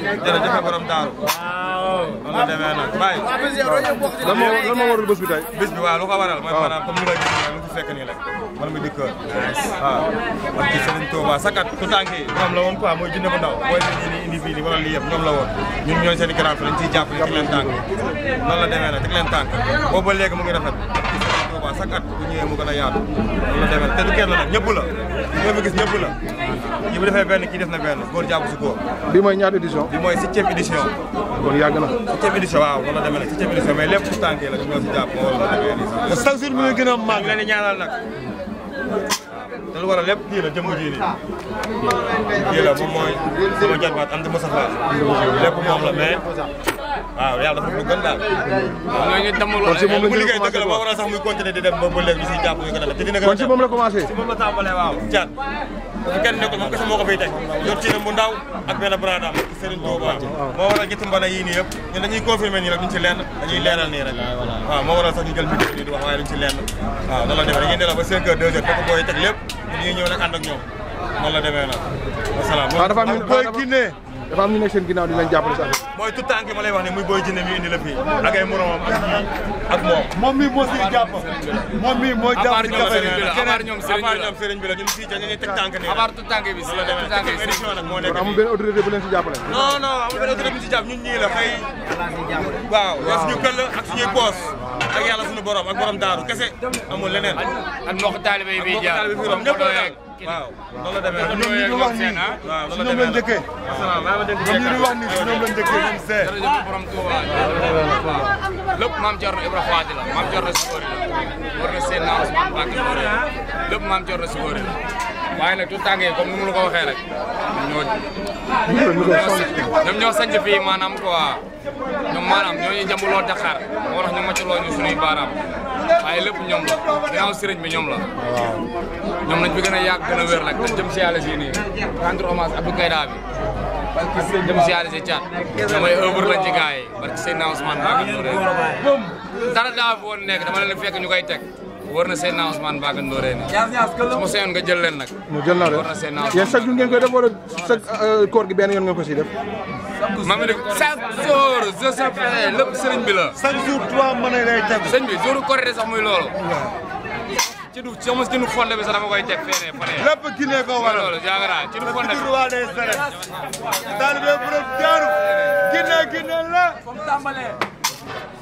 baax jërëjëf borom daaru waaw noonu la demee nag bàyyi lan moo lan moo waral bés bi tey bés mooy ah. maanaam comme nga gis lu ci man ma dikk waaw ah. man ci Serigne Touba sakat tu tànk yi ñoom la woon quoi mooy jënd bu ndaw mooy li ni indi fii ni wala la woon ñun ñooy seen i grand frère lañ ciy jàppale la demee nag teg leen tànk boobu ba léegi mu ngi rafet vraiment chaque mu gën a yaatu loolu la demee te du kenn la ñoo fi gis ñëpp la yi bu defee benn kii def na benn góor jàpp si góor bi mooy ñaata édition bi mooy septième édition kon yàgg na septième édition waaw loolu la demee nag septième édition mais lépp su tànkee la ñoo si jàpp moo la demee a màgg leen di ñaanal nag kii la jëmm ji nii kii la moom mooy sama jot baat am di Moustapha lépp moom la mais waaw yàlla dafa lu daal. waaw ñooñu demul kon si moom la ñu liggéey dëgg la moo waral sax muy continuer ba ba léegi ñu siy jàpp ñu gën a def te dina gën a kon si moom la commencé si moom la tàmbalee waaw Thiat parce que kenn moo ko fiy teg yor tiiram bu ndaw ak benn bradaam Serigne Touba moo waral ñetti mbana yii nii yëpp ñun dañuy moo waral sax ñu jël micro bi di wax waaye duñ ci lenn waaw noonu la demee ba 5 heures 2 heures fekk booy teg lépp dafa am ñu nekk seen ginnaaw di leen jàppale sax. mooy tout temps ki ma wax ne muy booy jënd mi indi la fii ak ay moromam ak moom. moom mii moo siy jàpp moom mii moo jàpp si kafe bi abaar ñoom sëriñ bi la ñun fii ca ñu ngi teg tànk nii abaar tout tànk bi si tout tànk bi émission nag moo nekk kon amul benn autorité bu leen si jàppale. non non amul benn autorité bu si jàpp ñun ñii la fay. waaw waaw suñu këll ak suñuy poos borom ak borom daaru kese amul leneen bi jaar ñëpp waaw loolu la demee ñoom ñu di wax nii si ñoom lañ njëkkee. la maam Thierno Sibori la war na seen naa Ousmane Bakary Mori lépp maam waaye nag tout tànk comme ni mu la rek ñoo ñoom ñoo sanc fii maanaam quoi ñoom maanaam ñoo ñu jàmbuloo Dakar moo tax ñu màccaloo ñu suñuy baaraam waaye lépp ñoom la ginnaaw sëriñ bi ñoom la ñoom lañ fi gën a yàgg gën a wér jëm si yàlla si nii rendre hommage Abdou Kayda bi dem siyaare si damay œuvre lañ ci dara dama fekk war na seen Ousmane Mbacké Ndorène su ma seyoon nga jël leen nag mu jël naa leen yéen chaque jour ngeen koy def wala chaque euh, koor gi benn yoon ngeen ko si def mami def chaque jour je sapé lépp sëriñ bi la chaque jour trois mën a lay teg sëriñ bi jouru korité sax muy loolu ci du ci sama jëndu fonde bi sax dama koy teg feneen feneen lépp Guinée ko waral loolu jangara ci du fonde bi roi des seref taalibe bu def daaru Guinée Guinée la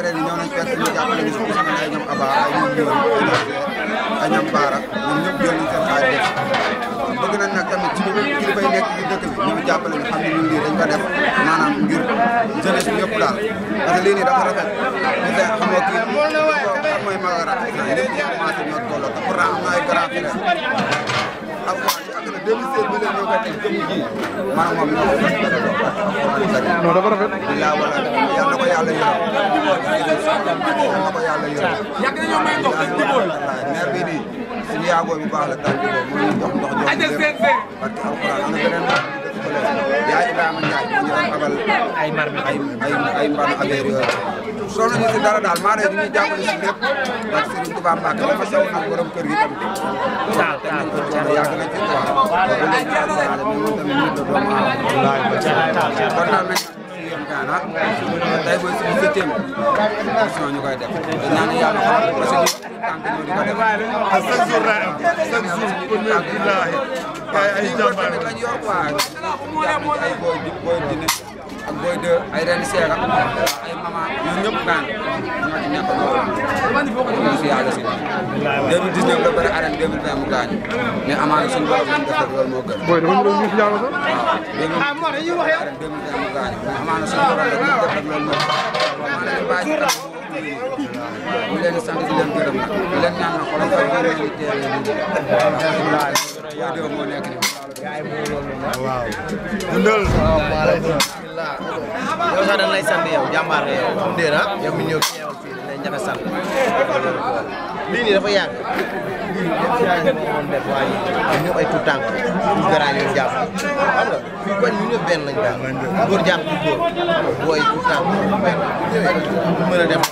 fekkee ren ñëw nañu fekk ñu jàppale ñu suñu ñoom Aba Baara ñoom ñëpp jël nañu seen xaaj def bëgg nañ nag tamit ci biir kilifa yi nekk ci dëkk bi ñu ngi jàppale ñu xam ne ñun lii dañ ko def maanaam ngir jeunesse bi yëpp daal parce que lii nii dafa non dafa rafet. yàlla na ko yàlla yoroon. yàlla na ko yàlla yoroon. yàgg nañoo may ndox rek jubóol. maire bi nii suñu yaagoo bu baax la taal bi boobu muy ndox ndox jox parce que alxuraan am na beneen yaay Ibrahima Ndiaye ñu doon abal ay ay ay mbar affaire yooyu soxla ñu si dara daal maanaam ñu jàppale si lépp ndax Serigne Touba Mbacke dafa sew ak borom kër yi tamit. waaw waaw yàgg na ci quoi. waaw loolu la ñu daan daal mais moom tamit nit la doomu aadama. kon daal nañu Gana ah. tey mooy suñu septième émission ñu koy def te ñaan yàlla xam parce que tànk ñoo di ko def. ak chaque jour laay am chaque jour premier bi laay ay ay jàmbaar la ñu yor quoi ay booy booy dinañ. ak Boy 2 ay René Seck ak ay Mama ñun ñëpp naan ñoo ci nekk loolu ñoo si yàlla si 2019 la bëri arène 2020 mu gaañu mais amaana suñu borom lañ def ak loolu moo gën. booy dafa doon gis ñaar sax. waaw 2020 arène 2020 mu gaañu mais amaana suñu borom lañ def ak loolu moo gën. ñu leen di sant di leen gërëm nag di leen ñaan nag xoolal xoolal ñu ngi teel a. waaw waaw waaw waaw waaw waaw waaw waaw waaw waaw waaw waaw waaw. dundal. waaw maa lay yow sax dañ lay sant yow jàmbaar nga yow. am déet ñëw ñëwal fii dañ lay njëkk a sant. lii nii dafa yàgg. lii ñëpp yaa ngi ko def waaye ñun ñëpp ay tout tànk yu garaan yu jàpp xam nga fii ñu ñëpp benn lañ daal. góor jàpp ci góor. booy tout a def ñuy def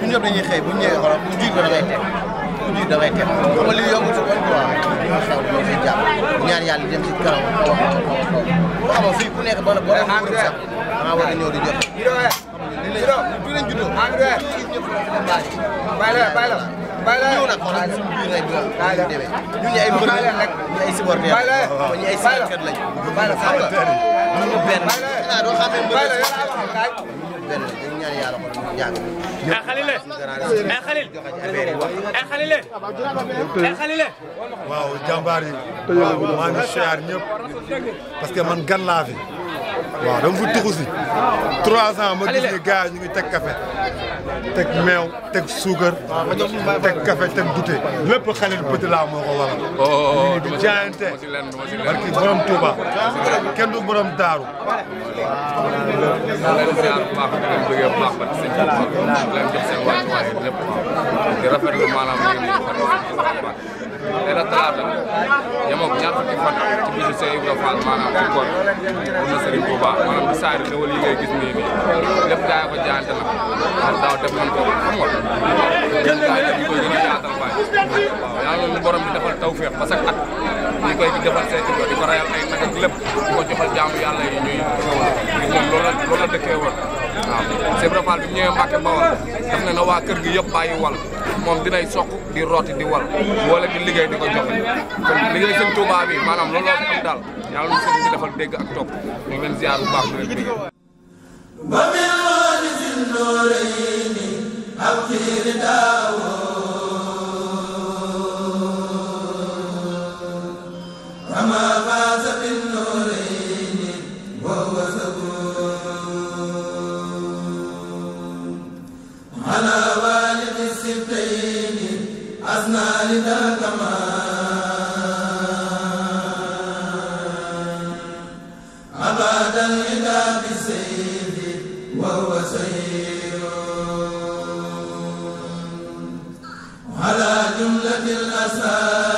ñun ñëpp dañuy xëy ñu ñu jiit ko ku jiir damay teg xam nga lii yombul si bon quoi ñu ngi xew ñu ngi jàpp ñaan yàlla dem si kanam kaw kaw kaw bu amoon fii ku nekk ba la boo def groupe sax dangaa war a ñëw di jot lii la ñu lañ juddoo ci ñëpp la baax bàyyi la bàyyi la bàyyi la ñëw nag xoolal suñu biir ay biir ñu demee ñu ñu ay mbër rek ñu ay supporter ñu ay supporter lañ bàyyi la xam nga ñu benn doo xamee mbër benn dañu ñaan yàlla ko ñu jàng ay xalile ay xalil ay xalile ay xalile waaw jàmbaar yi maa ngi siyaar ñëpp parce que man gan laa fi waaw dama fi tuxu si trois ans ma gis ne gars yi ñu ngi teg café teg meew teg suukar. teg café teg goûter lépp Khalil Petit la moo ko waral. ñu oh, oh, oh, ngi jaayante barki borom Touba kenn du borom daaru. waaw. dana talaata yemook ñaar fukki fan ci bisu Cheikh Ibra Fall maanaam ci koor na Serigne Touba maanaam di saari xewal yi ngay gis nii nii lépp gaa ko jaante na daaw def nañ ko xam nga gën gaa def ñu koy gën a yaatal baay waaw yàlla ñu borom bi defal tawféex ba sax at ñu koy defal seen ci di ko rayal ay nag ko joxal jaamu yàlla yi ñuy moom loolu la loolu la bi mu ñëwee Mbacke Bawol def na na waa kër gi yëpp bàyyi wal moom dinay soq di rooti di wal wala di liggéey di ko joxe kon liggéey sëñ Touba bi maanaam loolu am daal yàlla lu sëñ bi defal dégg ak topp ñu ngi leen ziar bu baax di leen ba meewoon si nooree yi ak إذا تمام عبادا إذا على جملة الأساس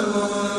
الأبواب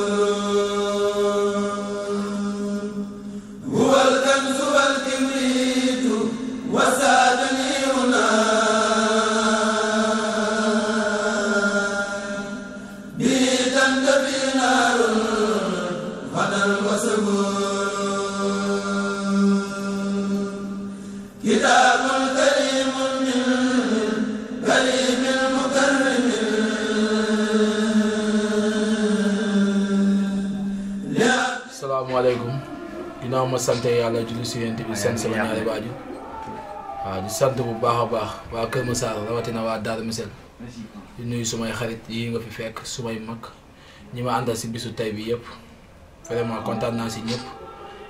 sante yàlla julli si yent bi sant sama ñaari waaju waaw di sant bu baax a baax waa Kër Massar rawatina waa Darou Missel di nuyu sumay xarit yi nga fi fekk sumay mag ñi ma àndal si bisu tey bi yëpp vraiment kontaan naa si ñëpp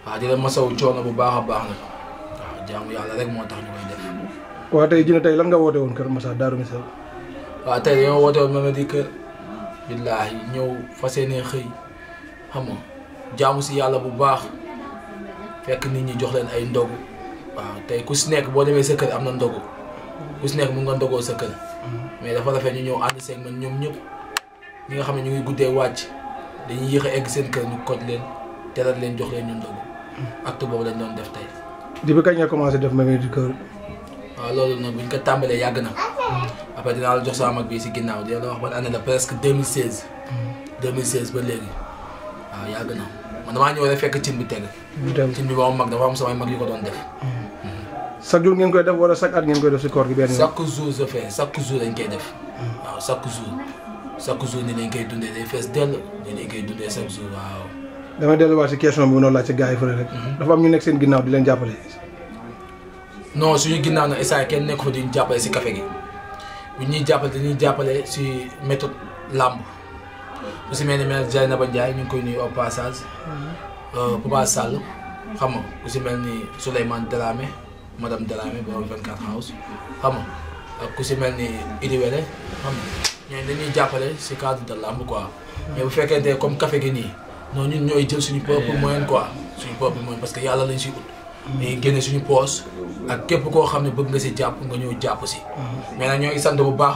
waaw di la masawu coono bu baax a baax na waaw jaamu yàlla rek moo tax ñu koy def. waaw tey jii tey lan nga woote woon Kër Massar Darou Missel. waa tey dañoo woote woon Mamady Kër. billaahi ñëw fa yéene xëy xam jaamu si yàlla bu baax. fekk nit ñi jox leen ay ndogu waaw tey ku si nekk boo demee sa kër am na ndogu ku si nekk mu nga ndogoo sa kër mais dafa rafet ñu ñëw ànd seeg man ñoom ñëpp ñi nga xam ne ñu ngi guddee wàcc dañuy yéex egg seen kër ñu koj leen teral leen jox leen ñu ndogu acte boobu lañ doon def di depuis kañ nga commencé def mën di kër. waaw loolu nag buñ ko tàmbalee yàgg na après dinaa la jox am ak bi si ginnaaw di la wax ban année na presque 2016. 2016 mm. ba léegi waaw man damaa ñëw rek fekk cin bi teg. cin bi ba mag dafa am samay mag yu ko doon def. Mm-hmm. chaque jour ngeen koy def wala chaque at ngeen koy def si koor gi benn chaque jour je fais chaque day fees dell ni lañ koy dundee chaque jour waaw. si question bi noonu laaj yi fële rek. Mm-hmm. dafa am ñu nekk seen ginnaaw di leen jàppale. non suñu ginnaaw nag Issa kenn nekk fa di jàppale si café gi bu ñuy jàppale dañuy jàppale si méthode làmb. lu si mel ni mel Dieynaba Ndiaye ñu ngi koy nuyu au passage. Euh, xam nga ku si mel ni Souleymane Dramé madame Dramé borom 24 house xam nga ak ku si mel ni Idi Wele xam nga ñooñu jàppale si cadre de lamb quoi. mais bu fekkente comme kafe gi nii non ñun ñooy jël suñu propre eh. moyen quoi suñu propre moyen parce que yàlla lañ si ut. dañuy génne suñu poos ak képp koo xam ne bëgg nga si jàpp nga ñëw jàpp si. Mm-hmm. mais nag ñoo bu baax.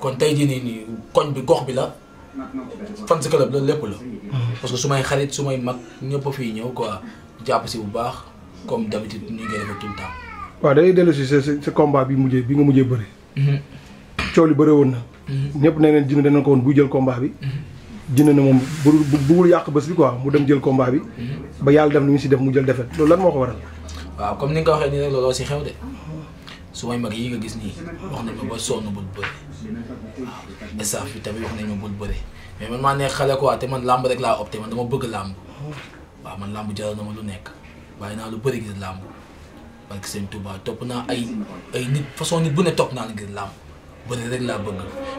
kon tay di ni koñ bi gox bi la fan ci club la lepp la mm-hmm. parce que sumay xarit sumay mag ñepp fi ñew quoi japp ci bu baax comme d'habitude ñu ngi def tout temps wa day delu ci ce combat bi mujjé bi nga mujjé bëré mm-hmm. ciolu bëré won na mm-hmm. ñepp neneen jinn dañ ko won bu jël combat bi jinn na mom bu bu yaq bëss bi quoi mu dem jël combat bi ba yalla dem lu ci def mu jël defet lool lan moko waral wa comme ni nga waxé ni nak loolu ci xew dé sumay mag yi nga gis ni wax na ma ba sonu bu bëré staff bi tamit wax nañ ma bul bëri mais man maa nekk xale quoi te man làmb rek laa opté man dama bëgg làmb waaw man làmb jaral na lu nekk waaye naa lu bëri ngir làmb parce que seen Touba naa ay ay nit façon nit bu ne topp naa ngir làmb bëri rek laa bëgg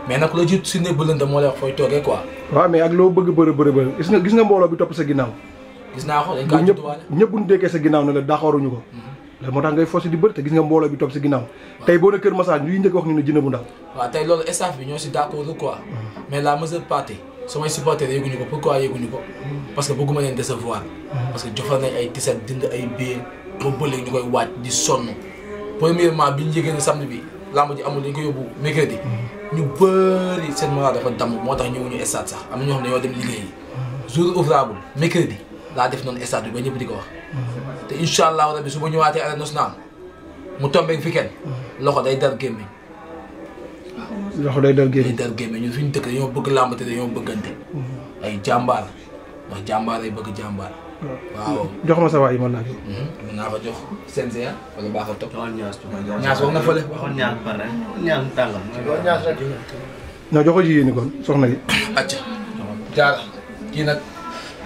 mais nag la jut si ne wax fooy toogee quoi. waaw mais ak loo bëgg bëri bëri bëri gis nga gis nga mbooloo bi topp sa ginnaaw. gis naa ko dañ kaa ñëpp ñëpp bu ñu sa ginnaaw ne la daxaruñu ko. Hmm. loolu moo tax ngay forcé di bëri te gis nga mbooloo bi topp si ginnaaw tey boo ne Kër Massar ñuy njëkk wax ñu ne Djinné Bou Ndaw waaw tey loolu staff bi ñoo si d'accord quoi mm-hmm. mais la majeure partie samay supporters yëguñu ko pourquoi yëguñu ko mm-hmm. parce que bëgguma leen décevoir mm-hmm. parce que joxal nañ ay tiset dind ay billet ba bële ñu koy waaj di sonn premièrement bi ñu yëgee ne samedi bi lamb ji amul dañ ko yóbbu mercredi ñu bëri seen moral moo tax ñëwuñu stade sax am na ñoo xam ne ñoo dem liggéey laa def noonu stade bi ba ñëpp di ko wax. te incha allahu rabi su ma ñëwaatee arène nationale mu tombé fi kenn. loxo day dar gémmiñ. loxo day dar gémmiñ day dar gémmiñ ñun dañoo bëgg làmb te dañoo bëggante. ay jàmbaar jàmbaar ay bëgg jàmbaar. waaw jox ma sa waay mhm. mën naa ko. mën jox CNCR ah? wala a topp. ñaas ñaas wax nga fële. waxoon ñaas pare ñaas tàngal. ñaas rek. non jox ko jigéen ñi kon soxna yi. acca jaara kii nag.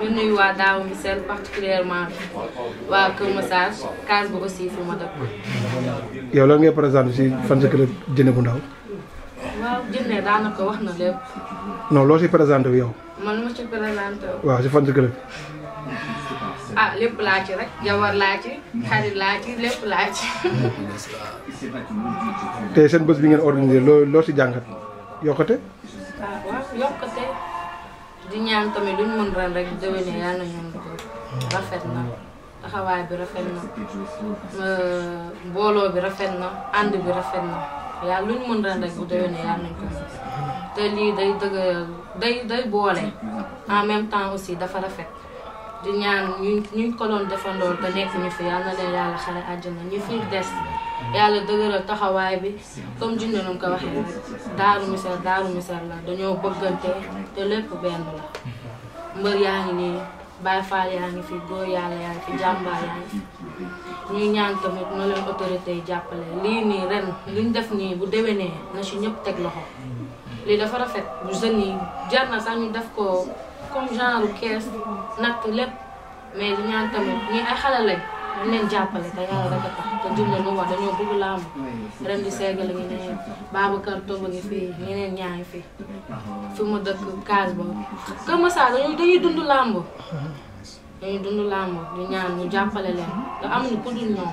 ñu nuyu waa Daawu Missel particulièrement waa Kër Massar case bu aussi fu ma dëkk. yow lan ngay présenté si fan sa club Jënne bu Ndaw. waaw Jënne daanaka wax na lépp. non loo si présenté wu yow. man lu ma si présenté wu. si fan sa club. ah lépp laa ci rek jawar laa ci xarit laa ci lépp laa ci. tey seen bës bi ngeen organisé loo loo si jàngat yokkate. Ah, yokkate. di ñaan tamit luñ mën ren rek déwénee yàlla na ñu rafet na taxawaay bi rafet na euh, mbooloo bi rafet na ànd bi rafet na yàlla luñ mën rek bu déwénee yàlla nañ ko te lii day dëgg day day boole en même temps aussi dafa rafet di ñaan ñu ñu ko doon defandool te nekk ñu fi yàlla na leen yàlla xale àjjana ñu fi des. yàlla dëgëral taxawaay bi comme junne nu ko waxee rek daaru misal daaru misal la dañoo bëggante te lépp benn la mbër yaa ngi nii Baay Faal yaa ngi fi góor yàlla yaa ngi fi jàmbaar yaa ngi fi ñaan tamit na leen autorité jàppale lii nii ren liñ def nii bu déwénee na si ñëpp teg loxo lii dafa rafet bu jeunes yi jar na sax ñu def ko comme genre kees natt lépp mais ñaan tamit ñii ay xale lañ dañ leen jàppale te yàlla rek a tax te jullit lu wax dañoo bëgg laamu ren di seegal ngi ne Babacar Toba ngi fii ñeneen ñaa ngi fii fi mu dëkk kaas ba Kër Masar dañuy dañuy dund dañuy dund làmb di ñaan ñu jàppale leen te amuñu ku dul ñoom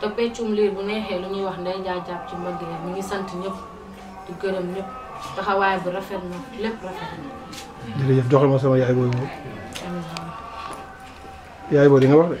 te peccum liir bu neexee lu ñuy wax nday jaa jàpp ci mbëgg yi mi ngi sant ñëpp di gërëm ñëpp taxawaay bu rafet na lépp rafet na. jërëjëf ma sama yaay booy yaay booy di nga wax de.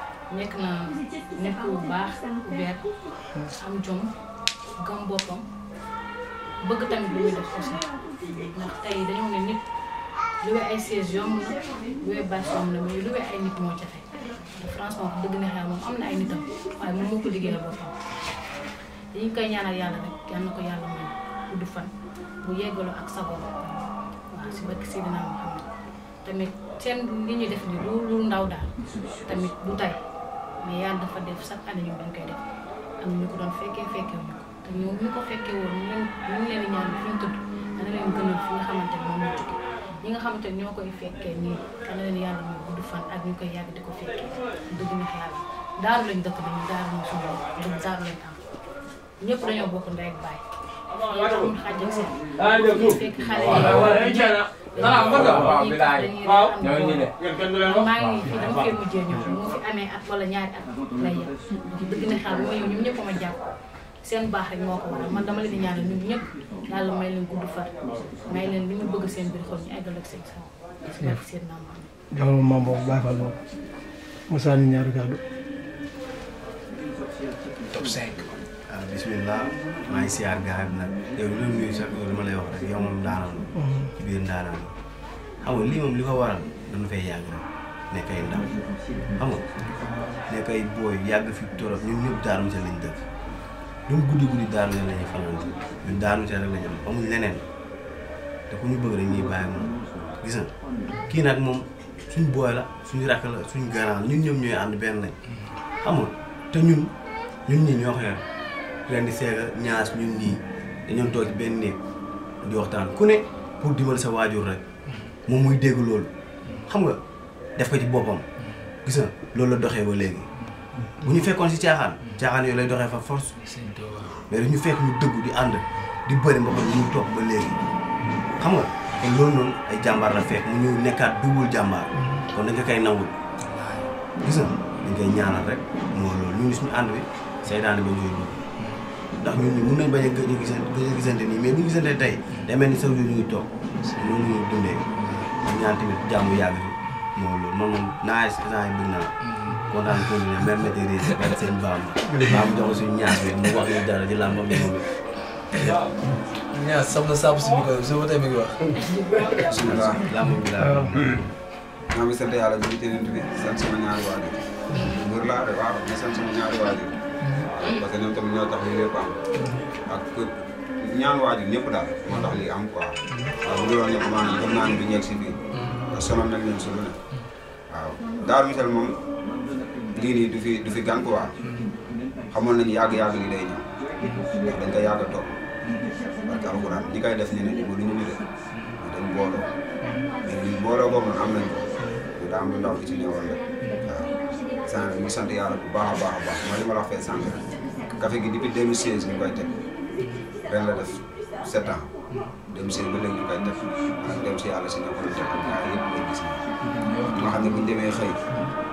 nekk na nekk bu baax ouvert am jom gëm boppam bëgg tamit lu muy def aussi ndax tey dañoo ne nit luwee ay siège yomb na luwee bâche yomb na ay nit moo jafe na xel am na ay nitam waaye moom moo ko liggéeyal boppam dañu koy ñaanal yàlla rek yal ko yàlla may gudd fan bu yeggaloo ak sagoom waaw si barke Seydina Muhammad tamit seen li ñuy def ni lu lu ndaw daal tamit bu tay mais yàlla dafa def chaque année ñoom dañ koy def am ñu ko doon fekkee fekkee wuñu ko te ñu ko fekkee woon ñu ñu leen ñaan fi tudd dana leen gënal nga xamante ne ñoo koy fekkee nii dana leen yàlla muy gudd fan ak ñu koy yàgg di ko fekkee dëgg na yàlla daaru lañ dëkk dañu daaru lañ suñu dëgg daaru lañ am ñëpp dañoo bokk ndey maa ngi fi dama fee mujjee la yem. dëgg na xaar bu ma ñëw ñoom ñëpp a ma jàpp seen baax rek moo ko man dama leen di ñaanal ñun ñëpp daal may leen gudd far may leen li ñu bëgg seen biir xol ñu eggal ak seen xol. jërëjëf seen naam. joxal ma mbokk bàyyi fa loolu. Moussa ñaari kàddu. bisimilah maa ngi siyaar gaay bi nag yow li doon nuyu sax li ma lay wax rek yow moom daanaka. Mm-hmm. ci biir daanaka xam nga lii moom li ko waral dañu fay yàgg rek nekk ay ndaw xam nga nekk ay booy yàgg fi torop ñun ñëpp daaru sa lañ dëkk lu mu guddi guddi daaru sa lañuy fanante ñun daaru sa rek lañ am amuñ leneen te ku ñu bëgg rek ñuy bàyyi moom gis nga kii nag moom suñ booy la suñu rakk la suñu garant ñun ñoom ñooy ànd benn lañ mm-hmm. xam te ñun ñun ñi ñoo xeer leen di seega ñaas ñun ñii dañoon toog benn néeg di waxtaan ku ne pour dimbali sa waajur rek muy dégg loolu xam nga def ci boppam gis na loolu la doxee ba léegi bu ñu fekkoon si caaxaan caaxaan yooyu lay doxee fa force mais ñu fekk ñu dëggu di ànd di bëri ma ko ñu toog ba léegi xam nga kon loolu noonu ay jàmbaar la fekk mu ñëw nekkaat duggul jàmbaar kon dañ kay koy nangul gis na dañ koy ñaanal rek moo loolu ñu ngi suñu ànd bi seytaane ba ñooy dugg ndax ñun ñu mun nañ bañ a gëj a gisante gëj a gisante nii mais bu ñu gisante tey day mel ni sax ñu ngi toog loolu ñu dundee ñu ñaan tamit jàmm yàgg bi moo loolu moom moom naa instant yi bëgg naa kontaan continué même matériel ak seen baam baam jox suñu ñaas bi mu wax ñu dara ci làmbam bi moom ñaas sab na sab suñu ko suba tey mi ngi wax bismillah làmbam bi laa maa ngi sant yàlla ñu ngi teneen bi sant sama ñaari waajur góor laa de waaw ma sant sama ñaari waajur parce que ñoom tamit ñoo tax ñu lépp am ak ñaan waajur ñëpp daal moo tax lii am quoi waaw bu dul woon ñëpp maanaam gëm naa ne du ñeeg si biir parce que sonal nañ leen si lu ne waaw daaru misal moom lii nii du fi du fi gan quoi xamoon nañu yàgg-yàgg li day ñëw ndax dañ koy yàgg a parce que alxuraan ñi koy def ñu ne bu lu ñu def dañ booloo mais ñun booloo boobu am nañ ko daa am lu ci ñëwoon rek sant bi ma bu baax a baax a baax mooy li ma la wax fee sànq café gi depuis 2016 ñu koy teg ren la def 7 ans 2016 ba léegi ñu koy def ak si yàlla si nekkoon teg ak gars xam ne bu ñu demee xëy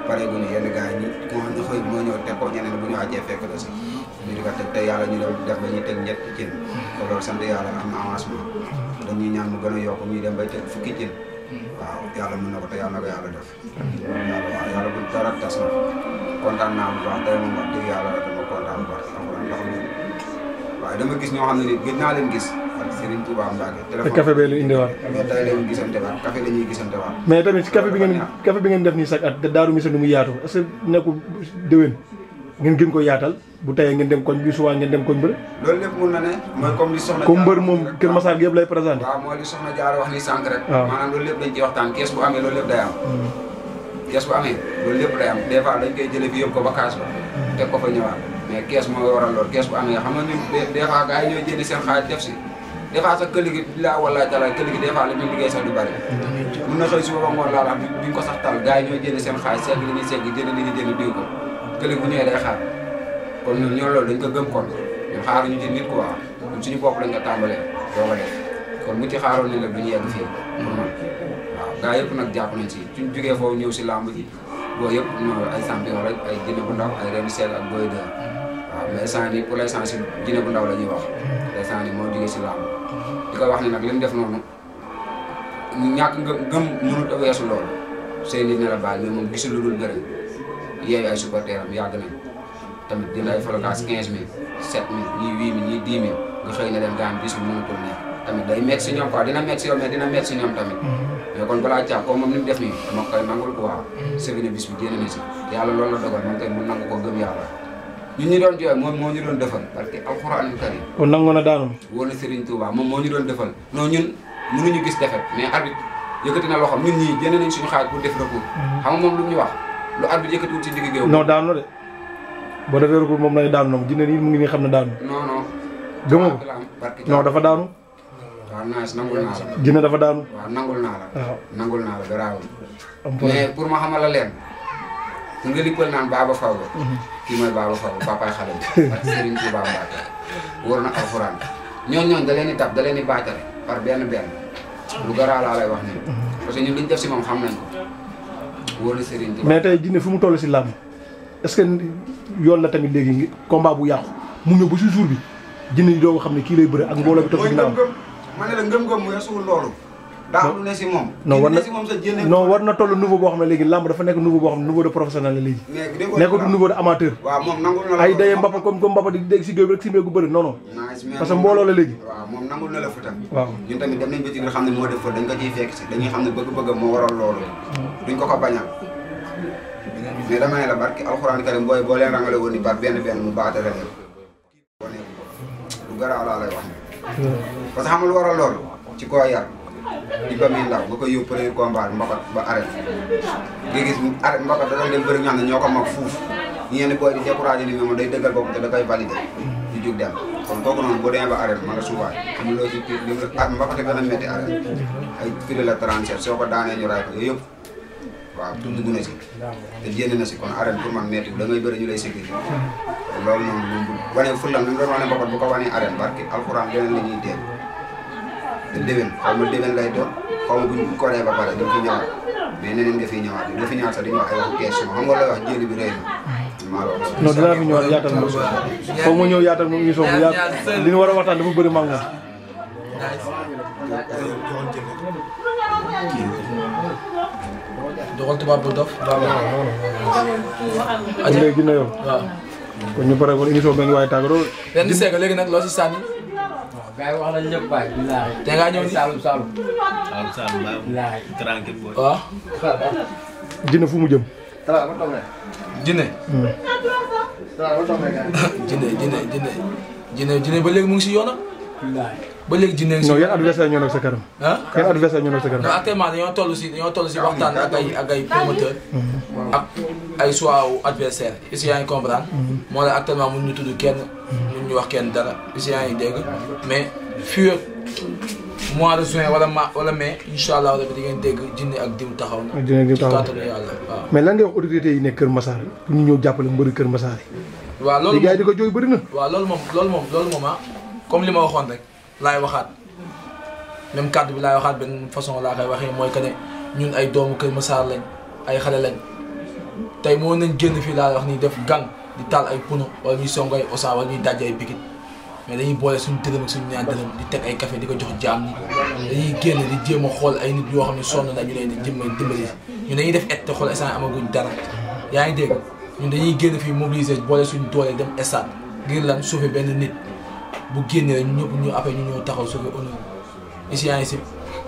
pareeguñu yenn gars yi ñi nga xam ne xëy moo ñëw teg ñeneen bu ñu àjjee fekk la si ñu di ko teg tey yàlla ñu def ba ñuy teg ñett cin te loolu sant yàlla am avancement dañuy ñaan mu gën a yokk ñuy dem ba teg fukki cin waaw yàlla mun na ko te yàlla ko yàlla def. yàlla waaw kontaan naa bu baax tey moom yàlla dama kontaan bu baax ndax waaye dama gis ñoo xam ne nii gëj naa leen gis. ak Serigne Touba Mbacke téléphone la indiwaat mais tey la mais tamit café bi ngeen café bi ngeen def nii sax at daaru mission ni mu yaatu est-ce que nekkul déwén ngeen gën ko yaatal bu tayee ngeen dem koñ bi suwaa ngeen dem koñ bëri loolu lépp mun na ne mooy comme li soxna comme mbër moom Kër Massar gi yëpp lay présenté wax li sànq rek waaw maanaam loolu lépp dañ ciy waxtaan kees bu amee loolu lépp day am hmm. kees bu amee loolu lépp day am des fois dañ koy jële fi yóbbu ko ba kaas ba hmm. teg ko fa ñëwaat mais kees mooy waral loolu kees bu amee xam nga ñun des fois yi ñooy jënd seen xaaj def si des fois sax këli gi laa wala tala këli gi des fois la hmm. na xëy suba ba ngoon laa la duñ ko sax tal gars yi ñooy jënd seen xaaj segg kële bu ñëwee day xaar kon ñun ñoo loolu dañ ko gëm kon ñun xaaruñu ci nit quoi ñun suñu bopp lañ ko tàmbalee doo ko def kon mu ci xaaroon ne la du ñu yegg fii pour man waaw gaa yëpp nag jàpp nañ ci suñ jugee foofu ñëw si làmb ji boo yëpp ay champion rek ay Djiné Bou Ndaw ay Rémi Sène ak Boy 2 waaw mais instant yi Ndaw la wax instant yi moo jugee si làmb di ko wax ne nag li def noonu ñàkk nga gëm mënut a weesu loolu seen nit ne la baal mais moom gisul lu dul gërëm Iya, ay ya, supporter am yàgg na tamit jënd ay folokaas 15000 7000 ñii 8000 ñii 10000 nga xëy na dem gaa am bis bi mënatul nii tamit day métti si ñoom quoi dina métti si yow mais dina métti si ñoom tamit mm-hmm. mais kon balaa caab comme moom ni mu def nii dama koy nangul ko waaw sevina bis bi génn na si yàlla loolu la dogal moom tey mu nangu ko gëm yàlla ñun ñu doon jooy moom moo ñu doon defal parce que alxuraanul karim kon nangu na daanu wóor na Serigne Touba moom moo ñu doon defal non ñun mënuñu gis defet mais arbitre yëkkati na loxo ñun ñii génn nañ suñu xaaj pour def recours mm-hmm. xam nga lu ñu wax lu at bi yëkkatiwul ci digg géew. noo daanu de boo defee recours moom lay daanu moom jinne nii mu ngi nii xam ne daanu. la non. gëmoo ko dafa daanu. waaw naas nangul naa la. jinne dafa daanu. waaw nangul naa la. waaw nangul naa la garaawul. mais pour ma xamal la leen nga lippal naan Baba Fawla. Mhm. kii mooy Baba Fawla papaay xale bi. ak Serigne Touba Mbacke. wóor na alxuraan ñooñu ñooñu da leen di leen di baatale par benn benn. lu garaaw laa lay wax nii. Mhm. parce que ñun li def si moom xam nañ ko. wóolu Serigne mais tey jinne fu mu toll si làmb est-ce yoon la tamit léegi combat bu yàqu mu ñëw ba si jour bi jinne yi doo xam ne kii lay bëre ak mbooloo bi topp ginnaaw ma ne la ngëm-ngëm mu weesuwul loolu daa am lu ne si moom. non war na non na toll niveau boo xam ne léegi lamb dafa nekk niveau boo xam ne niveau de professionnel la léegi. nekkatu niveau de amateur. na ay daye mbappa comme mbappa di si géej si meegu bëri non non. parce que mbooloo la léegi. xam ne moo def fa ne bëgg-bëgg moo ko ko bañal. mais dama ne la barki alxuraan karim booy boo leen rangale woon ni par benn la leen. du garaaw laa lay wax. parce que xam nga lu waral loolu ci koo yar di ba muy ndaw nga koy yóbbu premier combat mbapat ba arrêt nga gis mu arrêt mbapat dem bëri ñoo xam ne ñoo ko mag fuuf ñeen booy di découragé li moom day dëggal bopp te da koy ba arrêt ma nga suubaay am loo ci ah, a la 37 soo ko daanee ñu raay ko si te génn si kon arène pour man métti da ngay bëri ñu lay sécurité loolu noonu bu wane fulam li mu doon bu ko wanee arène barke alxuraan leneen la ñuy dégg te déwén xaw ma déwén lay doon xaw ma bu ñu ba pare dama fi ñëwaat mais neneen nga fiy ñëwaat doo fi ñëwaat sax dañuy wax ay waxu question xam nga looy wax jéeli bi rëy na. maa la wax ñëwaat yaatal moom foofu ma ñëw yaatal moom émission bi yaat li ñu waxtaan dafa bëri doxal bu dof. ñu émission gars yi wax nañu ñëpp waay. te ngaa ñëw Saalum Saalum. Saalum Saalum waay. waaw. Ah. Jinne fu mu jëm. Jinne. Jinne Jinne Jinne Jinne Jinne ba léegi mu ngi si yoonam. ba léegi jinne ngi si. non yan adversaire ñoo nekk sa kanam. ah yan adversaire ñoo nekk sa kanam. non actuellement dañoo toll si dañoo toll si waxtaan ak ay ak ay promoteur. Mm-hmm. ak ay choix adversaire. est-ce que yaa ngi comprendre. Mm-hmm. moo tax actuellement mënuñu tudd kenn. Mm-hmm. ñu wax kenn dara si yaa ngi dégg mais fii mois de juin wala ma wala mais incha allah rabi di ngeen dégg Djinné ak Dim taxaw na. Djinné ak Dim taxaw na ci kàttanu mais lan ngay wax autorités yi ne Kër Massar pour ñu ñëw jàppale mbëri Kër Massar yi. waaw loolu gars yi di ko jooy na. waaw loolu moom loolu moom loolu moom ah comme li ma waxoon rek laay waxaat même kàddu bi laay waxaat benn façon laa koy waxee mooy que ne ñun ay doomu Kër Massar lañ ay xale lañ tey moo nañ génn fii laa wax nii def gang di taal ay pono wala ñuy song ay osa wala ñuy daj ay bikit mais dañuy boole suñu dërëm suñu ñaar dërëm di teg ay café di ko jox jaam dañuy génn di jéem a xool ay nit yoo xam ne sonn na ñu leen di jëm dimbali ñun dañuy def et te xool instant amaguñ dara yaa ngi dégg ñun dañuy génn fii mobiliser boole suñu doole dem stade ngir lan suufee benn nit bu génnee ñu ñëpp ñu après ñu ñëw taxaw sauver honneur ici yaa ngi si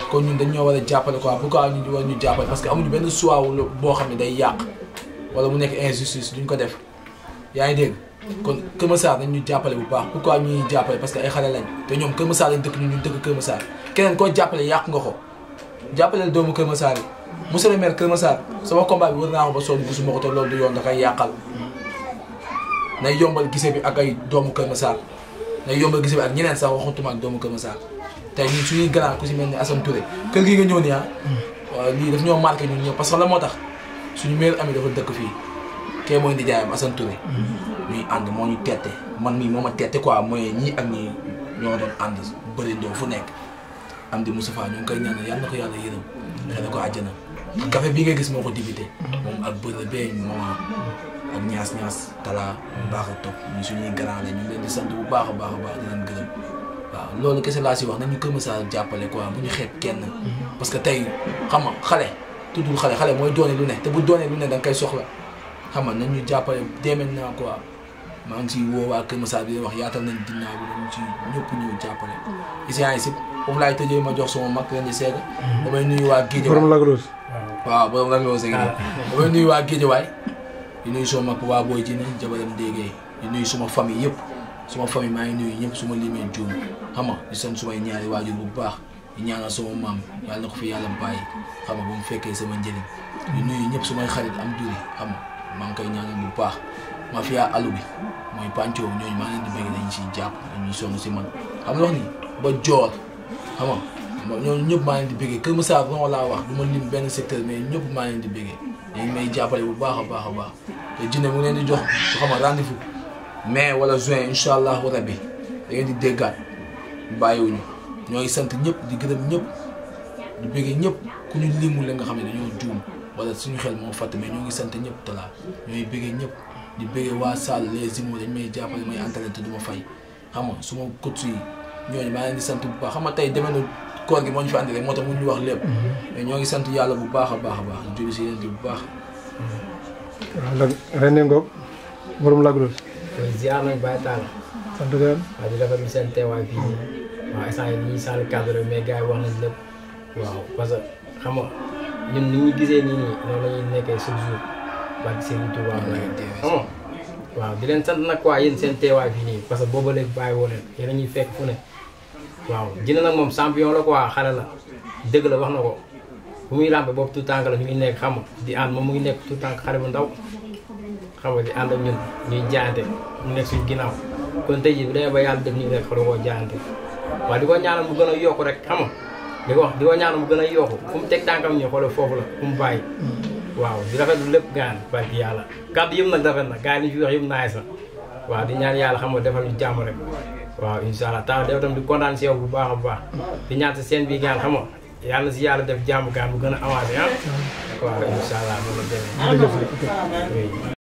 kon ñun dañoo war a jàppale quoi pourquoi ñu war ñu jàppale parce que amuñu benn choix boo xam ne day yàq wala mu nekk injustice duñ ko def yaa ngi dégg. kon Kër Massar nañ ñu jàppale bu baax pourquoi ñuy jàppale parce que ay xale lañ te ñoom Kër Massar lañ dëkk ñu ñu dëkk Kër Massar keneen koo jàppale yàq nga ko jàppaleel doomu Kër Massar yi. monsieur le maire Kër Massar sama combat bi war naa ko ba sonn gisuma ko te loolu du yoon da koy yàqal bi ak ay doomu Kër Massar nay yombal gise bi ak ñeneen sax waxutuma ak doomu Kër Massar tey ñu suñuy grand ku si mel ni Assane Touré kër gi nga ñëw nii ah. lii daf ñoo marqué ñun ñëpp parce que la moo tax suñu meilleur ami dafa dëkk fii kee mooy nijaayam Assane Touré. ñuy mm-hmm. ànd moo ñu man mii moo ma tette quoi mooy ñii ak ñii ñoo doon ànd bëri ndoo fu nekk am di Moustapha ñu ngi koy ñaanal yàlla na ko yàlla yërëm. xëy na ko àjjana. Mm-hmm. café nga gis moo ko dibite. Mm-hmm. moom ak bëri bee maman ak ñaas ñaas talaa baax a topp ñu suñuy grand la ñu leen di sant bu baax a baax a baax di leen gërëm. waaw loolu kese laa si wax nañu Kër Massar jàppale quoi bu ñu xeeb kenn. parce que tey xam nga xale tuddul xale xale mooy doone lu ne te bu doone lu ne da nga soxla. xam nga nañu jàppale deemen naa quoi maa ngi ciy woo waa Kër Massar bi wax yaatal nañ ginnaaw bi dañu ci ñëpp ñëw jàppale. isaan yi si foofu laay tëjee ma jox sama mag leen di seet. damay nuyu waa Géejawaay borom Lagos. waaw borom Lagos ak ah. waa Géejawaay di nuyu sama mag waa Boy Djine jabaram di nuyu suma famille yëpp suma famille maa ngi nuyu ñëpp suma limee juum xam nga di sumay ñaari waajur bu baax di ñaanal sama maam yàlla na ko fi yàlla bàyyi xam bu mu fekkee sama njëriñ di nuyu ñëpp sumay xarit am duri xam maa ngi koy ñaanal bu baax mafia alu bi mooy Pancho ñooñu maa leen di bëgg dañ siy jàpp dañuy sonn si man xam nga wax ni ba joor xam nga ñooñu ñëpp maa leen di bëggee Kër Massar bu ma laa wax du ma lim benn secteur mais ñëpp maa leen di bëggee dañ may jàppale bu baax a baax a baax te jinne mu leen di jox xam nga rendez-vous mais wala juin incha allahu rabi da di déggaat bàyyiwuñu ñooy sant ñëpp di gërëm ñëpp di bëggee ñëpp ku ñu limul la nga xam ne dañoo juum wala suñu xel moo fàtte mais ñoo ngi sant ñëpp talaa ñooy bëggee ñëpp di bëggee waa Sall les Imos dañ may jàppale may entraîné te du fay xam nga su ma coach yi ñooñu maa leen di sant bu baax xam nga tey demee na koor gi moo ñu fi moo tax mu wax lépp mhm. ñoo ngi sant yàlla bu baax a baax a baax si yéen bu baax. waaw nag ren de Ngop borom Lac Rose. Euh, ziar nañ Baye Tall. sant leen. waaw di rafetlu seen teewaay fii waaw instant yii dañuy sànni cadre mais gars yi wax nañ lépp waaw parce xam ñun ni ñu gisee nii nii noonu la ñuy nekkee chaque jour barke Serigne Touba waaw oh. waaw di leen nag waa yéen seen teewaay fii nii parce que booba léegi bàyyi woo leen yéen a ñuy fekk fu ne waaw dina nag moom champion la quoi xale la dëgg la wax na ko bu muy làmb boobu tout tànk la ñu ngi nekk xam di ànd moom mu ngi nekk tout tànk xale bu ndaw xam nga di ànd ak ñun ñuy jaante mu nekk suñu ginnaaw kon tey jii bu demee ba yàlla def ñu koo jaante a rek xam di wax di ko ñaan mu gën a yokku fu mu teg tànkam ñu xoolal foofu la fu mu bàyyi. waaw di rafetlu lépp gaan barki yàlla kàddu yëpp nag rafet na gaa yi ñu fi wax yëpp waaw di ñaan yàlla xam nga defal ñu jàmm rek waaw incha allah tax def tam di kontaan si bu baax a baax di ñaan si seen bi gaan si yàlla def jàmm gaan bu gën a avancé ah